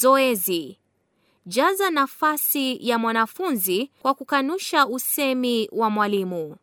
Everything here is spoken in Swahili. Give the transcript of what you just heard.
Zoezi: jaza nafasi ya mwanafunzi kwa kukanusha usemi wa mwalimu.